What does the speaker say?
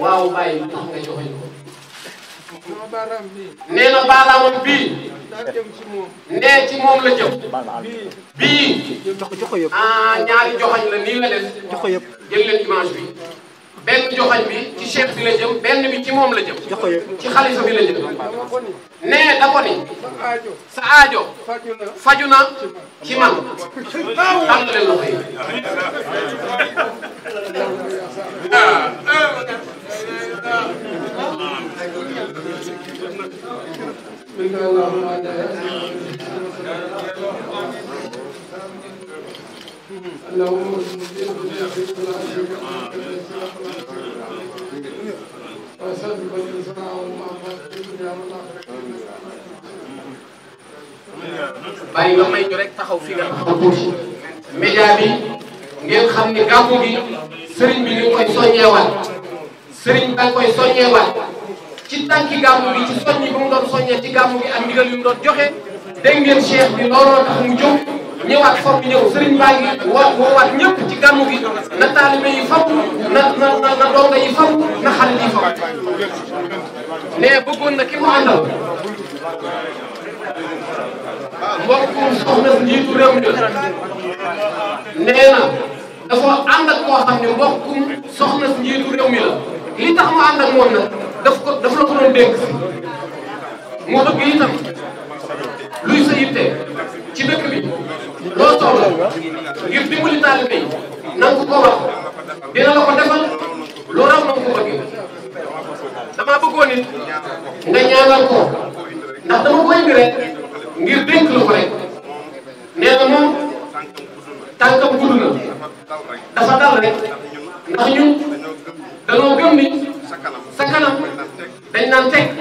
waaw bàyyi lu tax nga joxoñ ko. nee na baaraamam bii. nee ci moom la jëm. bii. ah ñaari joxoñ la nii la def. jël leen image bi. benn joxoñ bi ci chef bi la jëm benn bi ci moom la jëm. ci xalifa bi la jëm. nee da ko sa aajo. faju na ci man. am na leen loxo yi. منك اللهم على اللهم وسلم الإنسان وما bàyyi nga may ñu rek taxaw fi nga bi ngeen xam ne gàmmu gi sëriñ bi ni mu koy ci tànki gàmmu gi ci soññi bu mu doon soññee ci gàmmu gi ak ndigal yu mu doon joxe dégg ngeen cheikh bi looloo tax mu jóg ñëwaat foog ñëw sëriñ baa ngi woo woowaat ñëpp ci gàmmu gi na taalibe yi faw na na na donga yi faw na xale yi faw mais bëggoon na ki mu àndal mbokkum soxna njiitu réew mi nee na dafa ànd ak koo xam ne mbokkum soxna njiitu réew mi la li tax mu ànd ak moom daf ko daf la ko doon dénk moo bëgg itam luy sa yitte ci dëkk bi loo soxla ngir dimbali taalibe yi nangu ko wax dina la ko defal lu raw na ko bëgg dama bëggoon nga ñaanal ko ndax dama koy indi rek ngir dénk la rek nee na moom tànkam gudd na dafa dal rek ndax ñun dañoo ni sa kanam dañ naan teg